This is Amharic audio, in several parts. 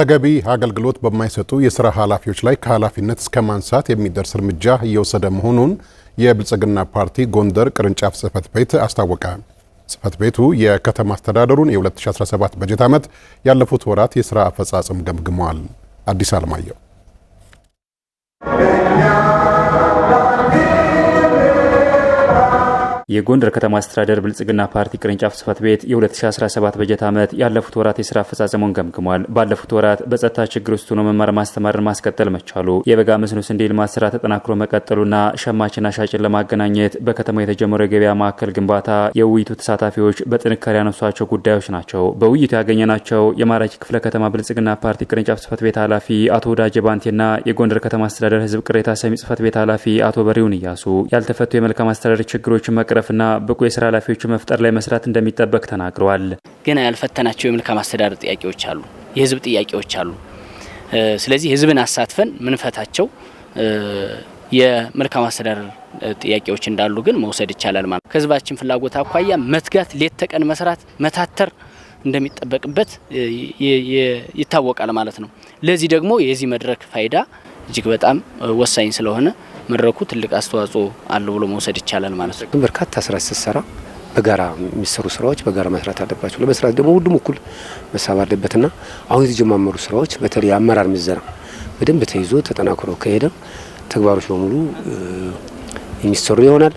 ተገቢ አገልግሎት በማይሰጡ የስራ ኃላፊዎች ላይ ከኃላፊነት እስከ ማንሳት የሚደርስ እርምጃ እየወሰደ መሆኑን የብልጽግና ፓርቲ ጎንደር ቅርንጫፍ ጽህፈት ቤት አስታወቀ። ጽህፈት ቤቱ የከተማ አስተዳደሩን የ2017 በጀት ዓመት ያለፉት ወራት የስራ አፈጻጽም ገምግመዋል። አዲስ አለማየሁ የጎንደር ከተማ አስተዳደር ብልጽግና ፓርቲ ቅርንጫፍ ጽህፈት ቤት የ2017 በጀት ዓመት ያለፉት ወራት የስራ አፈጻጸሙን ገምግሟል። ባለፉት ወራት በጸጥታ ችግር ውስጥ ሆኖ መማር ማስተማርን ማስቀጠል መቻሉ፣ የበጋ መስኖ ስንዴ ልማት ስራ ተጠናክሮ መቀጠሉና ሸማችና ሻጭን ለማገናኘት በከተማ የተጀመረው የገበያ ማዕከል ግንባታ የውይይቱ ተሳታፊዎች በጥንካሬ ያነሷቸው ጉዳዮች ናቸው። በውይይቱ ያገኘናቸው የማራኪ ክፍለ ከተማ ብልጽግና ፓርቲ ቅርንጫፍ ጽህፈት ቤት ኃላፊ አቶ ወዳጄ ባንቴና የጎንደር ከተማ አስተዳደር ህዝብ ቅሬታ ሰሚ ጽህፈት ቤት ኃላፊ አቶ በሪውን እያሱ ያልተፈቱ የመልካም አስተዳደር ችግሮችን መቅረ ማረፍና ብቁ የስራ ኃላፊዎች መፍጠር ላይ መስራት እንደሚጠበቅ ተናግረዋል። ገና ያልፈተናቸው የመልካም አስተዳደር ጥያቄዎች አሉ፣ የህዝብ ጥያቄዎች አሉ። ስለዚህ ህዝብን አሳትፈን ምንፈታቸው የመልካም አስተዳደር ጥያቄዎች እንዳሉ ግን መውሰድ ይቻላል ማለት ነው። ከህዝባችን ፍላጎት አኳያ መትጋት፣ ሌት ተቀን መስራት፣ መታተር እንደሚጠበቅበት ይታወቃል ማለት ነው። ለዚህ ደግሞ የዚህ መድረክ ፋይዳ እጅግ በጣም ወሳኝ ስለሆነ መድረኩ ትልቅ አስተዋጽኦ አለው ብሎ መውሰድ ይቻላል ማለት ነው። በርካታ ስራ ስትሰራ በጋራ የሚሰሩ ስራዎች በጋራ መስራት አለባቸው። ለመስራት ደግሞ ሁሉም እኩል መሳብ አለበትና አሁን የተጀማመሩ ስራዎች በተለይ አመራር ምዘና በደንብ ተይዞ ተጠናክሮ ከሄደ ተግባሮች በሙሉ የሚሰሩ ይሆናል።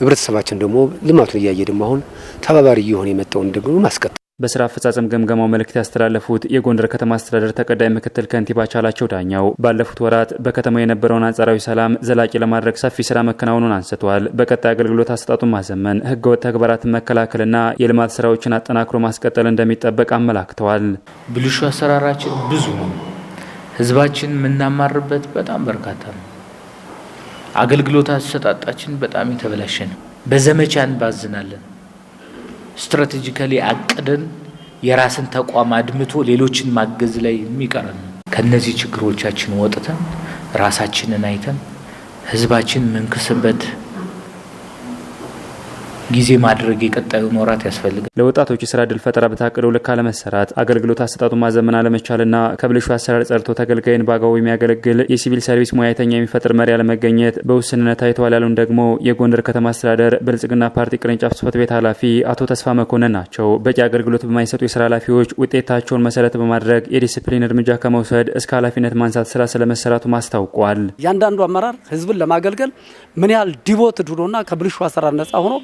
ህብረተሰባችን ደግሞ ልማቱን እያየ ደግሞ አሁን ተባባሪ እየሆነ የመጣውን ደግሞ ማስቀጠል በስራ አፈጻጸም ገምገማው መልእክት ያስተላለፉት የጎንደር ከተማ አስተዳደር ተቀዳይ ምክትል ከንቲባ ቻላቸው ዳኛው ባለፉት ወራት በከተማው የነበረውን አንጻራዊ ሰላም ዘላቂ ለማድረግ ሰፊ ስራ መከናወኑን አንስተዋል። በቀጣይ አገልግሎት አሰጣጡን ማዘመን፣ ህገወጥ ተግባራትን መከላከልና የልማት ስራዎችን አጠናክሮ ማስቀጠል እንደሚጠበቅ አመላክተዋል። ብልሹ አሰራራችን ብዙ ነው። ህዝባችን የምናማርበት በጣም በርካታ ነው። አገልግሎት አሰጣጣችን በጣም የተበላሸ ነው። በዘመቻ እንባዝናለን። ስትራቴጂካሊ አቅደን የራስን ተቋም አድምቶ ሌሎችን ማገዝ ላይ የሚቀረን ከነዚህ ችግሮቻችን ወጥተን ራሳችንን አይተን ህዝባችን ምንክስበት ጊዜ ማድረግ የቀጣዩ መውራት ያስፈልጋል። ለወጣቶች የስራ እድል ፈጠራ በታቀደው ልክ አለመሰራት፣ አገልግሎት አሰጣጡ ማዘመን አለመቻልና ከብልሹ አሰራር ጸድቶ ተገልጋይን በአግባቡ የሚያገለግል የሲቪል ሰርቪስ ሙያተኛ የሚፈጥር መሪ አለመገኘት በውስንነት ታይተዋል ያሉን ደግሞ የጎንደር ከተማ አስተዳደር ብልጽግና ፓርቲ ቅርንጫፍ ጽሕፈት ቤት ኃላፊ አቶ ተስፋ መኮንን ናቸው። በቂ አገልግሎት በማይሰጡ የስራ ኃላፊዎች ውጤታቸውን መሰረት በማድረግ የዲስፕሊን እርምጃ ከመውሰድ እስከ ኃላፊነት ማንሳት ስራ ስለመሰራቱ ማስታውቋል። እያንዳንዱ አመራር ህዝብን ለማገልገል ምን ያህል ዲቦት ድሎና ከብልሹ አሰራር ነጻ ሆኖ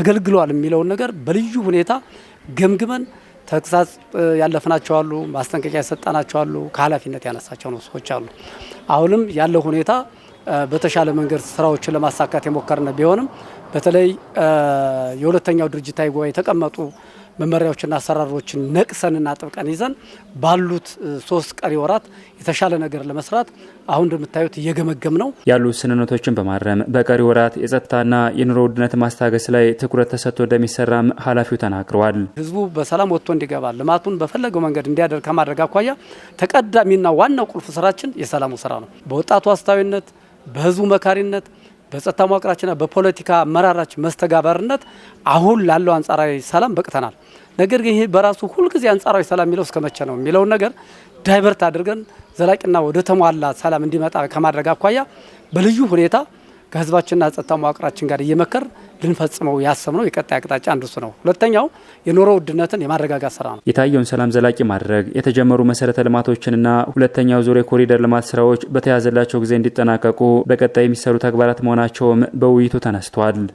አገልግሏል የሚለውን ነገር በልዩ ሁኔታ ገምግመን ተግሳጽ ያለፍናቸው አሉ፣ ማስጠንቀቂያ የሰጠናቸው አሉ፣ ከኃላፊነት ያነሳቸው ነው ሰዎች አሉ። አሁንም ያለው ሁኔታ በተሻለ መንገድ ስራዎችን ለማሳካት የሞከርነ ቢሆንም በተለይ የሁለተኛው ድርጅታዊ ጉባኤ የተቀመጡ መመሪያዎችና አሰራሮችን ነቅሰንና ጥብቀን ይዘን ባሉት ሶስት ቀሪ ወራት የተሻለ ነገር ለመስራት አሁን እንደምታዩት እየገመገም ነው ያሉ ስንነቶችን በማረም በቀሪ ወራት የጸጥታና የኑሮ ውድነት ማስታገስ ላይ ትኩረት ተሰጥቶ እንደሚሰራም ኃላፊው ተናግረዋል። ህዝቡ በሰላም ወጥቶ እንዲገባ ልማቱን በፈለገው መንገድ እንዲያደርግ ከማድረግ አኳያ ተቀዳሚና ዋናው ቁልፍ ስራችን የሰላሙ ስራ ነው። በወጣቱ አስታዊነት፣ በህዝቡ መካሪነት በጸጥታ መዋቅራችንና በፖለቲካ አመራራችን መስተጋበርነት አሁን ላለው አንጻራዊ ሰላም በቅተናል። ነገር ግን ይሄ በራሱ ሁልጊዜ አንጻራዊ ሰላም የሚለው እስከ መቼ ነው የሚለውን ነገር ዳይቨርት አድርገን ዘላቂና ወደ ተሟላ ሰላም እንዲመጣ ከማድረግ አኳያ በልዩ ሁኔታ ከህዝባችንና ጸጥታ መዋቅራችን ጋር እየመከር ልንፈጽመው ያሰብነው የቀጣይ አቅጣጫ አንዱ ነው። ሁለተኛው የኑሮ ውድነትን የማረጋጋት ስራ ነው። የታየውን ሰላም ዘላቂ ማድረግ የተጀመሩ መሰረተ ልማቶችንና ሁለተኛው ዙር የኮሪደር ልማት ስራዎች በተያዘላቸው ጊዜ እንዲጠናቀቁ በቀጣይ የሚሰሩ ተግባራት መሆናቸውም በውይይቱ ተነስቷል።